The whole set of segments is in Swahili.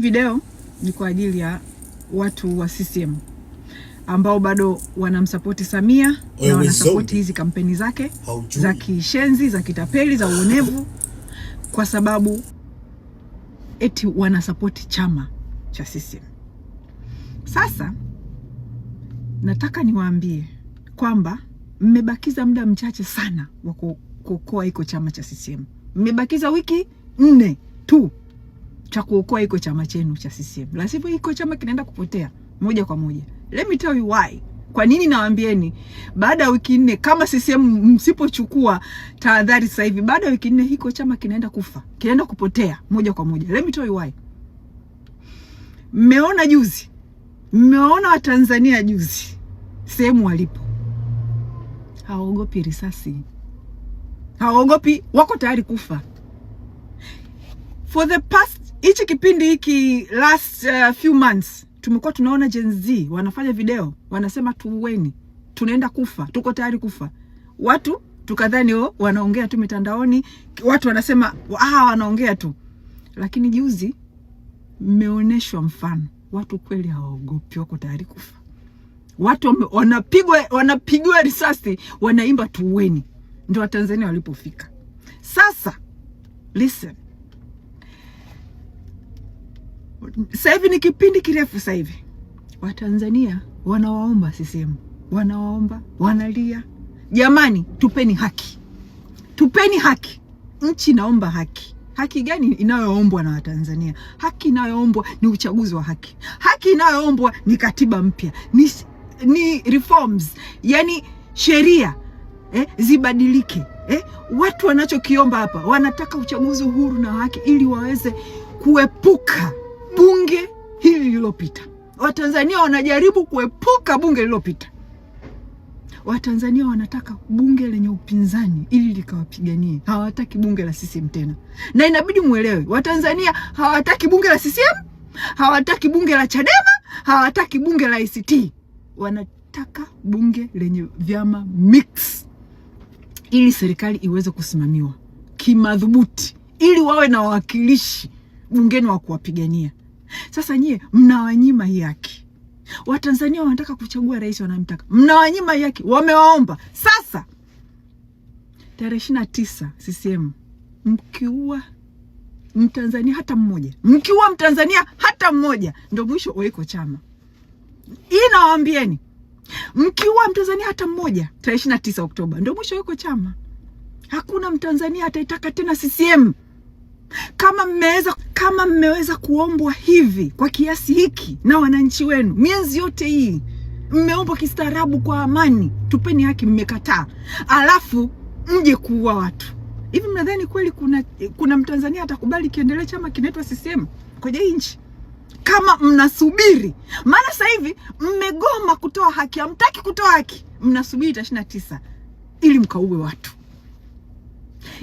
Video ni kwa ajili ya watu wa CCM ambao bado wanamsapoti Samia na wanasapoti hizi kampeni zake za kishenzi za kitapeli za uonevu, kwa sababu eti wanasapoti chama cha CCM. Sasa nataka niwaambie kwamba mmebakiza muda mchache sana wa kuokoa iko chama cha CCM, mmebakiza wiki nne tu cha kuokoa iko chama chenu cha CCM, la sivyo iko chama kinaenda kupotea moja kwa moja. Let me tell you why. Kwa nini nawaambieni? Baada ya wiki nne, kama CCM msipochukua tahadhari sasa hivi, baada ya wiki nne hiko chama kinaenda kufa, kinaenda kupotea moja kwa moja. Let me tell you why. Mmeona juzi, mmeona Watanzania juzi sehemu walipo, hawaogopi risasi, hawaogopi, wako tayari kufa for the past hichi kipindi hiki last uh, few months tumekuwa tunaona Gen Z wanafanya video wanasema tuweni, tunaenda kufa, tuko tayari kufa. Watu tukadhani oh, wanaongea tu mitandaoni, watu wanasema ah, wanaongea tu, lakini juzi mmeonyeshwa mfano, watu kweli hawaogopi, wako tayari kufa. Watu wanapigwa wanapigwa risasi, wanaimba tuweni. Ndio Watanzania walipofika sasa. Listen, sasa hivi ni kipindi kirefu sasa hivi Watanzania wanawaomba CCM, wanawaomba wanalia, jamani, tupeni haki, tupeni haki, nchi naomba haki. Haki gani inayoombwa na Watanzania? Haki inayoombwa ni uchaguzi wa haki, haki inayoombwa ni katiba mpya, ni, ni reforms, yani sheria eh, zibadilike eh. Watu wanachokiomba hapa, wanataka uchaguzi huru na haki ili waweze kuepuka bunge hili lililopita. Watanzania wanajaribu kuepuka bunge lililopita. Watanzania wanataka bunge lenye upinzani ili likawapiganie. Hawataki bunge la CCM tena, na inabidi mwelewe, Watanzania hawataki bunge la CCM, hawataki bunge la Chadema, hawataki bunge la ACT. Wanataka bunge lenye vyama mix, ili serikali iweze kusimamiwa kimadhubuti, ili wawe na wawakilishi bungeni wa kuwapigania. Sasa nyie mnawanyima hii haki. Watanzania wanataka kuchagua rais wanamtaka, mnawanyima hii haki, wamewaomba. Sasa tarehe ishirini na tisa CCM mkiua mtanzania hata mmoja, mkiua mtanzania hata mmoja, ndo mwisho waiko chama chama. nawaambieni mkiua mtanzania hata mmoja tarehe ishirini na tisa Oktoba, ndo mwisho waiko chama. Hakuna mtanzania ataitaka tena CCM kama mmeweza kama mmeweza kuombwa hivi kwa kiasi hiki na wananchi wenu miezi yote hii mmeombwa kistaarabu kwa amani, tupeni haki, mmekataa, alafu mje kuua watu hivi. Mnadhani kweli kuna, kuna mtanzania atakubali kiendelee chama kinaitwa CCM kwenye nchi kama mnasubiri? Maana sasa hivi mmegoma kutoa haki, hamtaki kutoa haki, mnasubiri tarehe ishirini na tisa ili mkaue watu.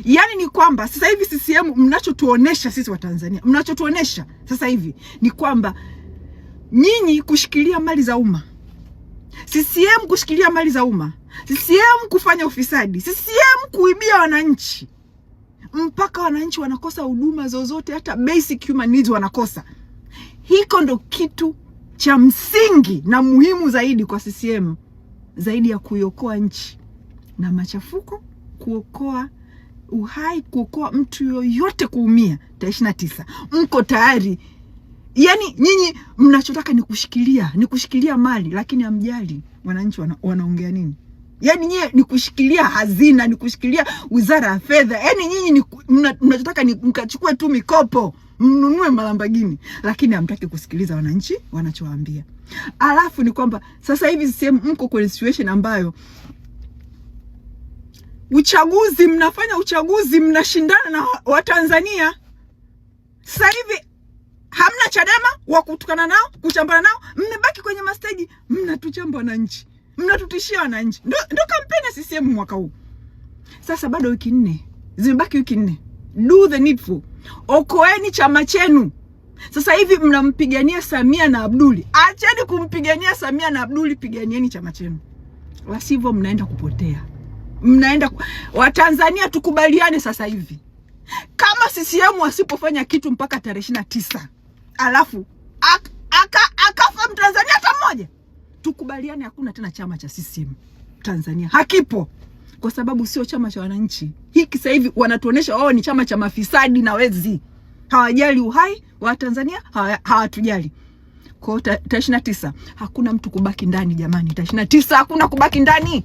Yaani ni kwamba sasa hivi CCM mnachotuonesha sisi Watanzania, mnachotuonesha sasa hivi ni kwamba nyinyi kushikilia mali za umma, CCM kushikilia mali za umma, CCM kufanya ufisadi, CCM kuibia wananchi mpaka wananchi wanakosa huduma zozote, hata basic human needs wanakosa. Hiko ndo kitu cha msingi na muhimu zaidi kwa CCM, zaidi ya kuiokoa nchi na machafuko, kuokoa uhai kuokoa mtu yoyote kuumia. Tarehe tisa mko tayari? yani nyinyi mnachotaka ni kushikilia, ni kushikilia mali, lakini hamjali wananchi wana, wanaongea nini? yani nyinyi ni kushikilia hazina, ni kushikilia wizara ya fedha. yani nyinyi mnachotaka ni mkachukue tu mikopo mnunue malambagini, lakini hamtaki kusikiliza wananchi wanachowaambia. Alafu ni kwamba sasa hivi sehemu mko kwenye situation ambayo uchaguzi, mnafanya uchaguzi, mnashindana na Watanzania. Sasa hivi hamna Chadema wa kutukana nao, kuchambana nao, mmebaki kwenye masteji, mnatuchamba wananchi, mnatutishia wananchi. Ndo, ndo kampeni ya CCM mwaka huu. Sasa bado wiki nne zimebaki, wiki nne, do the needful, okoeni chama chenu. Sasa hivi mnampigania Samia na Abduli, acheni kumpigania Samia na Abduli, piganieni chama chenu, wasivyo mnaenda kupotea mnaenda Watanzania, tukubaliane sasa hivi, kama CCM wasipofanya kitu mpaka tarehe ishirini na tisa alafu ak, ak, akafa Mtanzania hata mmoja, tukubaliane hakuna tena chama cha CCM Tanzania, hakipo kwa sababu sio chama cha wananchi. Hiki sasa hivi wanatuonesha wao ni chama cha mafisadi na wezi, hawajali uhai wa Tanzania, hawatujali kwao. Tarehe ishirini na tisa hakuna mtu kubaki ndani jamani, tarehe ishirini na tisa hakuna kubaki ndani.